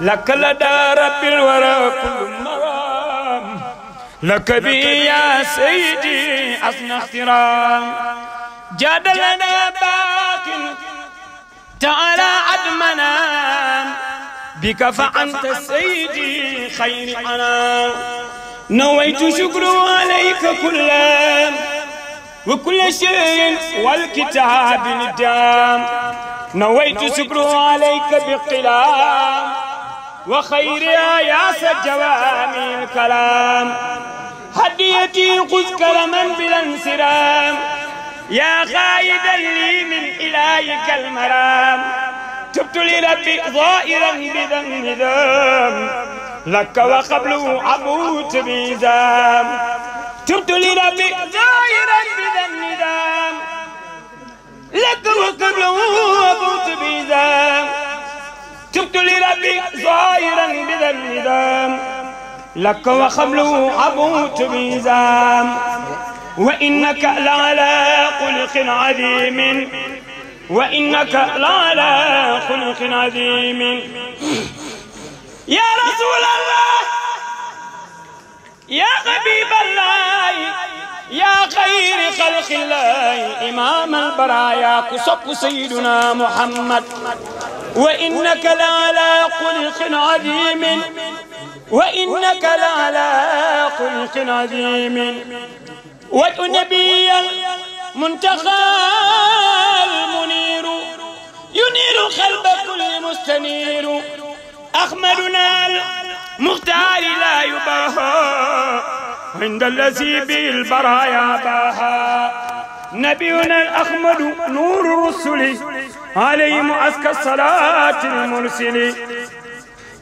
لك لدى رب الورى كل مرام لك بي يا سيدي أصنع احترام جادلنا باق تعالى عدمنا بك فأنت سيدي خير أنا نويت شكر عليك كلا وكل شيء والكتاب ندام نويت شكر عليك بقلام وخيرها يا سجوامي الكلام هديتي خذ كرما بلا انسرام يا خايدا لي من إلهك المرام تبت لربي ظائرا بذنب ذنب لك وقبله أموت بذنب تبت لربي ظائرا بذنب ذنب لك وقبله أموت بذنب شفت لربي ظاهرا بذا النظام لك وخبله عبوت ميزام وإنك لعلى خلق عظيم وإنك لعلى خلق عظيم يا رسول الله يا حبيب الله يا خير خلق الله إمام البرايا كسب سيدنا محمد وإنك لعلى خلق عظيم وإنك لعلى خلق عظيم ونبي المنتقى المنير ينير قلب كل مستنير أحمدنا المختار لا يباهى عند الذي بالبرايا باهى نبينا الأحمد نور الرسل عليهم أزكى الصلاة المرسل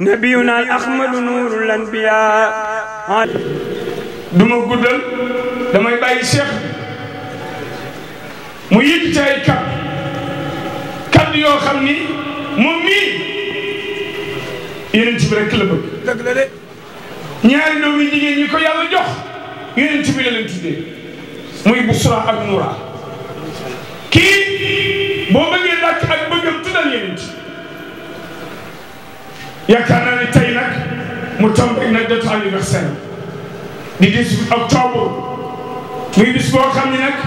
نبينا الأحمد نور الأنبياء دما قدل دما يبقى الشيخ mu yëkkati ay kàddu kàddu yoo xam ni moom mii yonent bi rek la bëgg. dëgg la de ñaari doomi jigéen ñi ko yàlla jox yonent bi la leen tuddee. muy Busra ak Noura kii boo bëggee dàkk ak bëggam tuddal yéen it yaakaar naa ne tey nag mu tombe nag date anniversaire di 18 octobre muy bis boo xam ne nag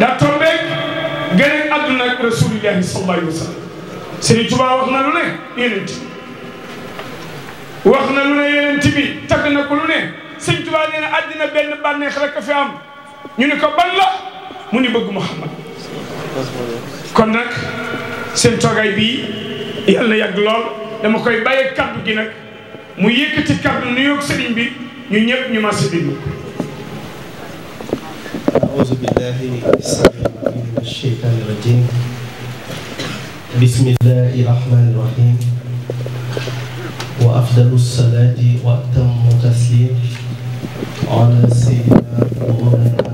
a àdduna ak rasulillahi sallallahu alayhi wa wax na lu ne yéen wax na lu ne yéen bi tagg na ko lu ne Sëriñ Tuubaa nee na àddina benn bànneex rek a fi am. ñu ni ko ban la mu ni bëgg Muhammad kon nag seen toogaay bii yàlla na yàgg lool dama koy bàyyee kaddu gi nag mu yëkkati kaddu nuyoog sëriñ bi ñu ñëpp ñu mas bi أعوذ بالله السميع العليم من الشيطان الرجيم بسم الله الرحمن الرحيم وأفضل الصلاة وأتم التسليم على سيدنا مولانا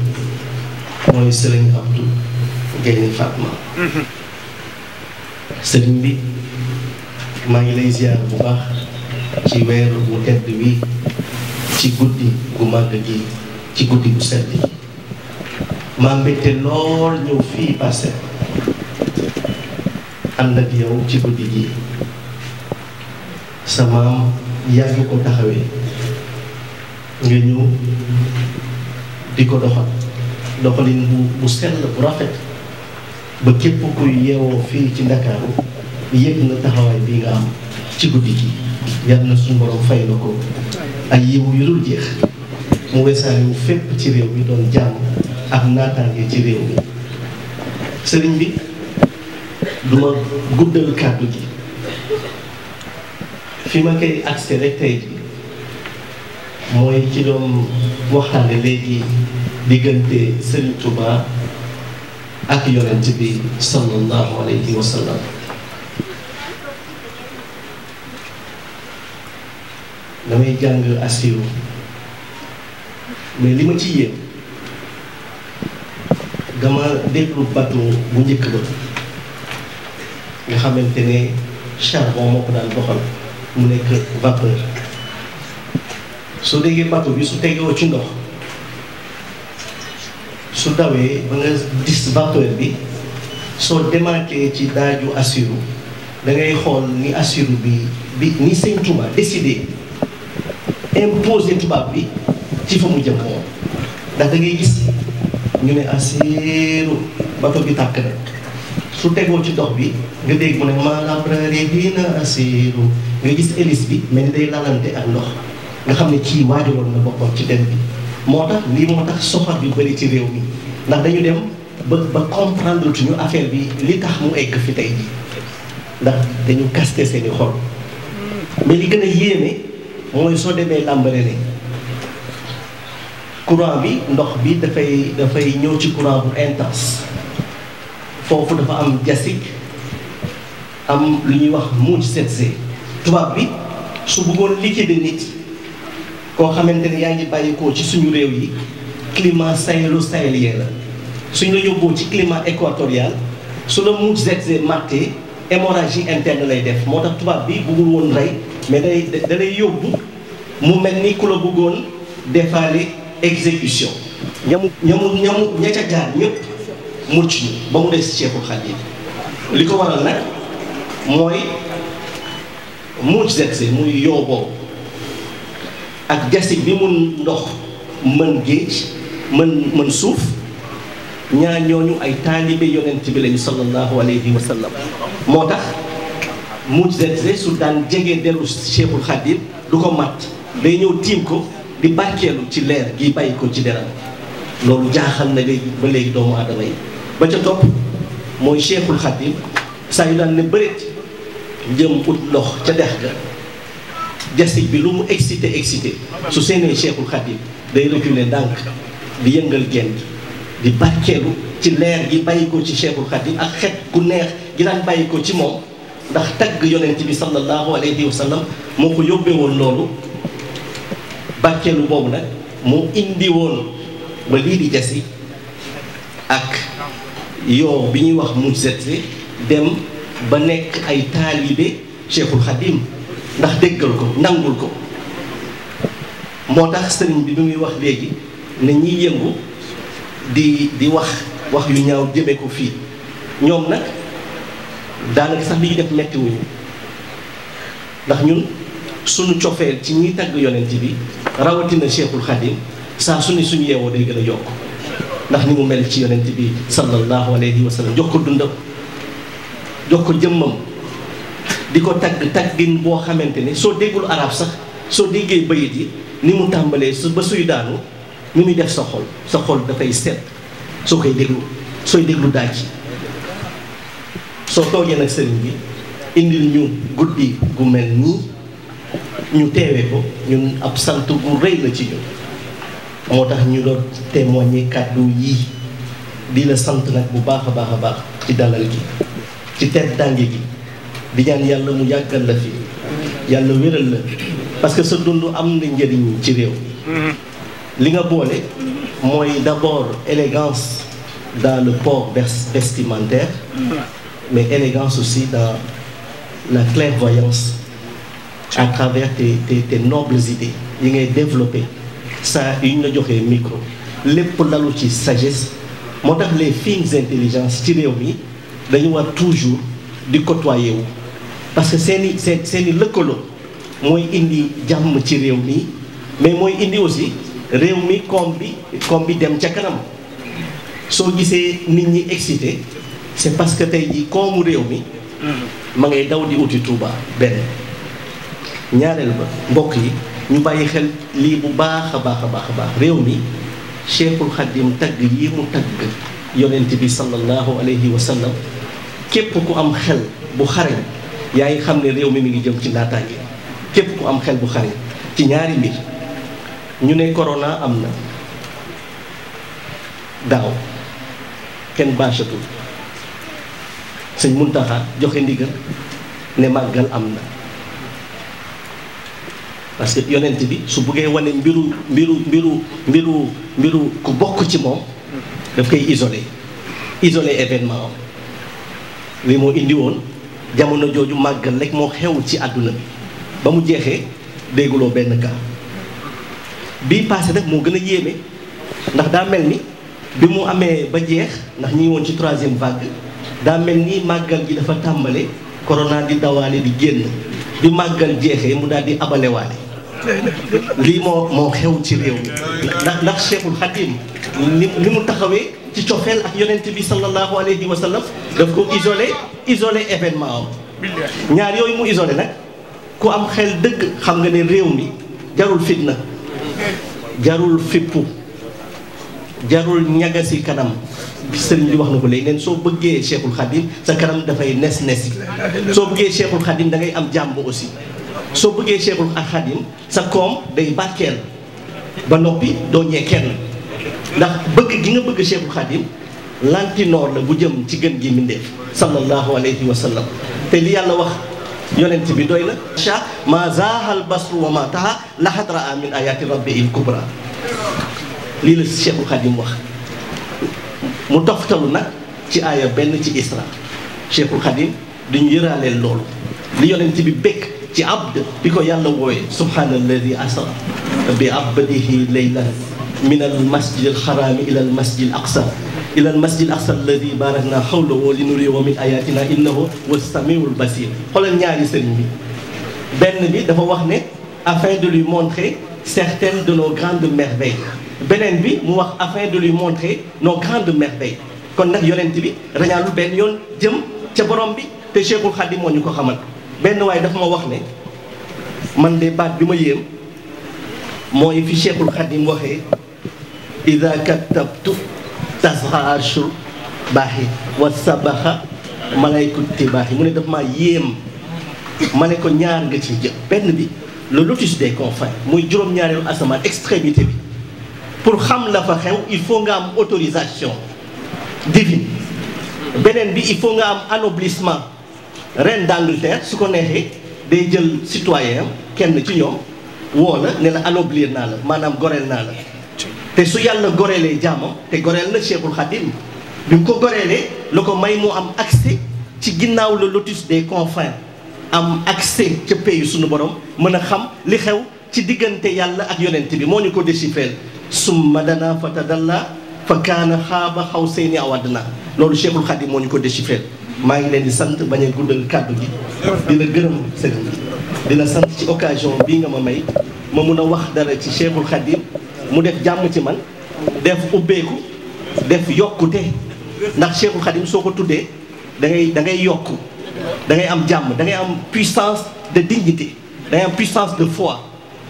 mooy sëriñ Abdou Gaynde Fatma mhm. sëriñ bi maa ngi lay ziar bu baax ci weer bu tedd bi ci guddi gu màgg gi ci guddi gu sedd gi maa mbégte lool ñëw fii passé ànd ak yow ci guddi gi sama maam yàgg ko taxawee nga ñëw di ko doxal doxalin bu bu sell bu rafet ba képp ku yeewoo fii ci ndakaaru yëg na taxawaay bi nga am ci guddi gi yàlla na suñu fay la ko ay yiwu yu dul jeex mu wesaare wu fépp ci réew mi doon jàmm ak naataange ci réew mi sëriñ bi duma guddal kàddu gi fi ma koy accès rek tey mooy ci doon ne léegi diggante Serigne Touba ak yonent bi sallallahu alayhi wa damay jàng asiru mais li ma ci yéem dama déglu bato bu njëkk ba nga xamante ne charbon moo ko daan doxal mu nekk vapeur soo déggee bateau bi su tegewoo ci ndox su dawee ba nga gis vapeur bi soo démarqué ci daaju assiru dangay xool ni assiru bi bi ni sëñ Touba décidé imposé tubaab bi ci fa mu jëm moom ndax da ngay gis ñu ne assiru bateau bi tàkk na su tegoo ci dox bi nga dégg mu ne maanaam rëy dina assiru nga gis hélice bi mel ni day lalante ak ndox. nga xam ne kii waajaloon na boppam ci dem bi moo tax lii moo tax soxor yu bëri ci réew mi ndax dañu dem ba ba comprendre tuñu affaire bi li tax mu egg fi tey ji ndax dañu kaste seeni xol mais li gën a yéeme mooy soo demee làmbale ne courant bi ndox bi dafay dafay ñëw ci courant bu intense foofu dafa am jasik am lu ñuy wax muuj setc tubaab bi su bëggoon liquider nit koo xamante ni yaa ngi bàyyikoo ci suñu réew yi climat sahélo-sahélien la suñ la yóbboo ci climat équatorial su la mu zz màttee hémorragie interne lay def moo tax tubaab bi bëggul woon rey mais day da lay yóbbu mu mel ni ku la bëggoon defaale exécution ñamu ñamu ñamu ña ca jaar ñëpp mucc ñu ba mu des Cheikhul Khadim li ko waral nag mooy mucz muy yow ak gasig bi mu ndox mën géej mën mën suuf ñaar ñooñu ay taalibe yonent bi lañu sallallahu alayhi wa sallam moo tax mu mujizat su daan jege dellu Cheikhul Khadim du ko mat day ñëw tiim ko di barkeelu ci leer gi bàyyi ko ci deram loolu jaaxal na léegi ba léegi doomu aadama yi ba ca topp mooy Cheikhul Khadim saa yu daan ne bëreet jëm ut lox ca dex ga diastique bi lu mu excité excité su seenee Cheikhul Khadim day reculer ndànk di yëngal génn di barkeelu ci leer gi bàyyi ko ci Cheikhul Khadim ak xet ku neex gi daan bàyyi ko ci moom ndax tagg yonent bi sallallahu alayhi wa sallam moo ko yóbbee woon loolu barkeelu boobu nag moo indi woon ba lii di jasi ak yoo bi ñuy wax mujizat dem ba nekk ay taalibe Cheikhul Khadim ndax déggal ko nangul ko moo tax sëriñ bi bi muy wax léegi ne ñiy yëngu di di wax wax yu ñaw jëmee ko fii ñoom nag daanaka sax li ñu def metti ndax ñun suñu cofeel ci ñiy tagg yonent bi rawatina Cheikhul Khadim saa su ne suñu yeewoo day gën a yokk ndax ni mu mel ci yonent bi sallallahu alayhi wa sallam jox ko dundam jox ko jëmmam di ko tagg taggin boo xamante ne soo déggul arab sax soo déggee bayit yi ni mu tàmbalee su ba suy daanu ni muy def sa xol sa xol dafay set soo koy déglu sooy déglu daaj soo toogee nag sëriñ bi indil ñu guddi gu mel nii ñu teewee ko ñu ab sant gu rëy la ci ñun moo tax ñu doon témoigner kàddu yii di la sant nag bu baax a baax a baax ci dalal gi ci tedd dànge gi di ñaan yàlla mu yàggal la fi yàlla wéral la parce que sa dund am na njëriñ ci réew li nga boole mooy d'abord élégance dans le port vestimentaire mais élégance aussi dans la clairvoyance à travers tes tes nobles idées yi ngay développé saa yu ñu la joxee micro lépp lalu ci sagesse moo tax les fines intelligences ci réew mi dañu war toujours di côtoyer parce que seen i seen seen i lëkkaloo mooy indi jàmm ci réew mi mais mooy indi aussi réew mi koom bi koom bi dem ca kanam soo gisee nit ñi excité c'est parce que tey jii koomu réew mi ma ngay daw di wuti Touba benn ñaareel ba mbokk yi ñu bàyyi xel lii bu baax a baax a baax a baax réew mi Cheikhul Khadim tagg yi mu tagg yonent bi sallallahu alayhi wa sallam képp ku am xel bu xarañ yaa ngi xam ne réew mi mi ngi jëm ci naataange képp ku am xel bu xare ci ñaari mbir ñu ne corona am na daaw kenn bâchatul sëñ Muntaxa joxe ndigal ne màggal am na parce que yonent bi su buggee wane mbiru mbiru mbiru mbiru mbiru ku bokk ci moom daf koy isolé isolé événement am li moo indi woon jamono jooju màggal rek moo xew ci àdduna bi ba mu jeexee dégguloo benn cas bii passé nag moo gën a yéeme ndax daa mel ni bi mu amee ba jeex ndax ñi woon ci troisième vague daa mel ni màggal gi dafa tàmbale corona di dawaale di génn bi màggal jeexee mu dal di abalewaale lii moo moo xew ci réew mi ndax ndax Cheikhul Khadim ni mu taxawee ci cofeel ak yonent bi sallallahu alayhi wa sallam daf ko isolé isolé événement am ñaar yooyu mu isolé nag ku am xel dëgg xam nga ne réew mi jarul fitna jarul fippu jarul ñagasi kanam sëriñ bi wax na ko léegi neen soo bëggee Cheikhul Khadim sa kanam dafay nes nesi soo bëggee Cheikhul Khadim da ngay am jàmm aussi soo bëggee Cheikhul Khadim sa koom day barkeel ba noppi doo ñee kenn ndax bëgg gi nga bëgg Cheikhul Khadim lantinoor la bu jëm ci gën gi mbindeef sallallahu alayhi wa te li yàlla wax yonent bi doy la sha ma zaahal basru wa ma taha laxat raa min ayaati rabbi il kubra lii la Cheikhul Khadim wax mu toftalu nag ci aaya benn ci isra Cheikhul Khadim duñu yëraaleel loolu li yonent bi bëgg ci abd bi ko yàlla wooyee subhaana alladi asra bi abdihi laylan min al masjid al xaraami ila al masjid al aqsa ila al masjid al aqsa alladi barakna xawlahu li nuriyahu min ayatina innahu huwa samiul ñaari sëriñ bi benn bi dafa wax ne afin de lui montrer certaines de nos grandes merveilles beneen bi mu wax afin de lui montrer nos grandes merveilles kon nag yonent bi rañaalu benn yoon jëm ca borom bi te Cheikhul Khadim moo ñu ko xamal benn waaye dafa ma wax ne man de baat bi ma yéem mooy fi Cheikhul Khadim waxee ida katabtu tasxa arshul baaxi wa sabaxa malaykut tibaaxi mu ne daf ma yéem ma ne ko ñaar nga ci jël benn bi le lotus des confins muy juróom-ñaareelu asamaan extrémité bi pour xam la fa xew il faut nga am autorisation divine beneen bi il faut nga am anoblissement reine d'Angleterre su ko neexee day jël citoyen kenn ci ñoom woo la ne la anoblir naa la maanaam goreel naa la te su yàlla goreelee jàmmam te goreel na Cheikhul Khadim bi mu ko goreelee la ko may mu am accès ci ginnaaw le lotus des confins am accès ca pays suñu borom mën a xam li xew ci diggante yàlla ak yonent bi moo ñu ko déchiffré summa dana fatadalla fa kaana xaaba xaw seyni aw adna loolu Cheikhul Khadim moo ñu ko déchiffré maa ngi leen di sant bañ a guddal kàddu gi di la gërëm sëñ bi di sant ci occasion bii nga ma may ma mun a wax dara ci Cheikhul Khadim mu def jàmm ci man def ubbeeku def yokkute ndax Cheikhul Khadim soo ko tuddee da ngay da ngay yokk da ngay am jàmm da ngay am puissance de dignité da ngay am puissance de foi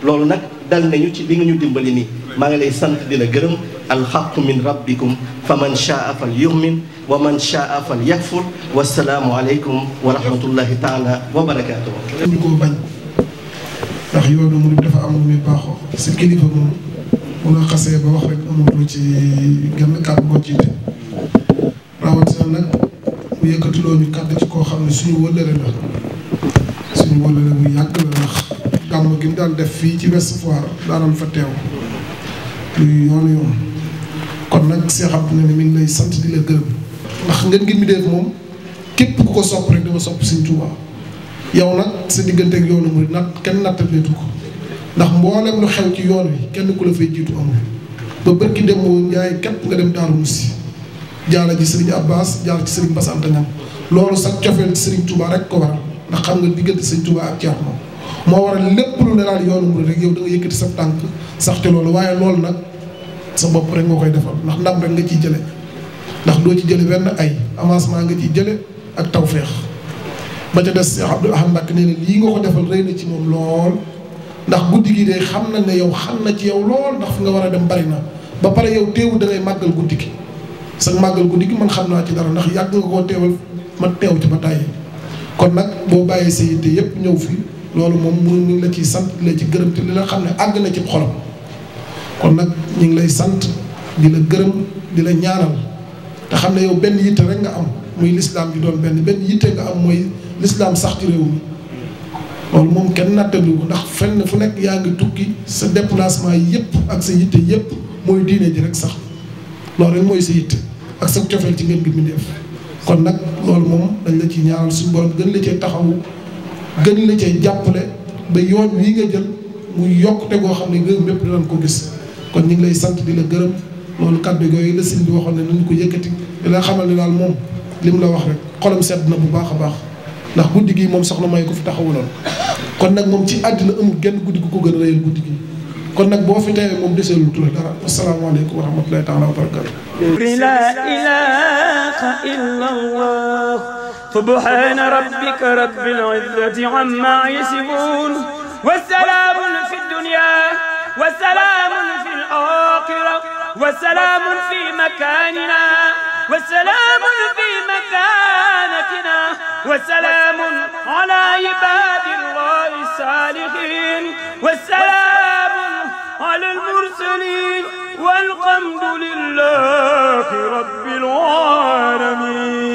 loolu nag dal nañu ci li nga ñu dimbali nii maa ngi lay sant di la gërëm alxaqu min rabbikum fa man shaa fal yu'min wa man shaa fal yakfur wasalaamu aleykum wa rahmatullahi taala wa barakaatu. ñu ko mu dafa am lu muy xasee ba wax ci genn kàddu boo jiite rawatina nag mu yëkkatuloo ci koo xam ne suñu wëllëre la suñu wëllëre mu yàgg ndax gàmm gi mu daan def fii ci Ouest Foire daanam fa teew luy yoonu yoon kon nag Cheikh Abdou ne mu ngi lay sant di la ndax ngeen ngi mi def moom képp ku ko sopp rek dama sopp Sëñ Tuuba yow nag sa diggante ak yoonu murid nag kenn nattaleetu ko ndax mboolem lu xew ci yoon wi kenn ku la fay jiitu amul ba bërki dem moo njaay képp nga dem Daaru Musi jaala ji Serigne Abbas jaala ci Serigne Bassante Niang loolu sax cofeel ci rek ko ndax xam nga diggante Serigne Touba ak Thierno moo waral lépp lu ne daal yoonu murid rek yow da nga yëkkati sa tànk sax te loolu waaye loolu nag sa bopp rek nga koy defal ndax ndam rek nga ciy jëlee. ndax doo ci jële benn ay avancement nga ciy jële ak tawféex ba ca des Seex Abdul Ahad Mbàkke nga ko defal rëy na ci moom lool ndax guddi gi day xam na ne yow xam na ci yow lool ndax fi nga war a dem bari na ba pare yow teewul da màggal guddi gi sa màggal guddi gi man xam naa ci dara ndax yàgg nga koo teewal ma teew ci ba tàyyi kon nag boo bàyyee sa yitte yépp ñëw fi loolu moom mu ngi la ciy sant di la ci gërëm te li la xam ne àgg na ci xolam kon nag ñu ngi lay sant di la gërëm di la ñaanal te xam ne yow benn yitte rek nga am muy lislaam ji doon benn benn yitte nga am mooy lislaam sax ci réew mi loolu moom kenn nattali ndax fenn fu nekk yaa ngi tukki sa déplacement yëpp ak sa yitte yëpp mooy diine ji rek sax loolu rek mooy sa yitte ak sa cofeel ci ngeen bi mu def kon nag loolu moom dañ la ci ñaaral suñu borom gën la cee taxawu gën la cee jàppale ba yoon wi nga jël muy yokkute goo xam ne gërëm yëpp dinañ ko gis kon ñu ngi lay sant di la gërëm loolu kàddu yooyu la sëñ bi waxoon ne nañ ko yëkkati di la xamal ni daal moom lim la wax rek xolam sedd na bu baax a baax ndax guddi gi moom soxna may ko fi taxawuloon kon nag moom ci àddina amul genn guddi gu ko gën a rëyal guddi gi kon nag boo fi teewee moom desee lu tudd dara asalaamaaleykum wa rahmatulahi taala wa barakatu la ilaha illa allah subhana rabbika rabbil izzati amma yasifun wa salaamun fi dunya wa salaamun fi al-aaxira wa salaamun fi makanina وسلام في مكانتنا وسلام على عباد الله الصالحين والسلام على المرسلين والحمد لله رب العالمين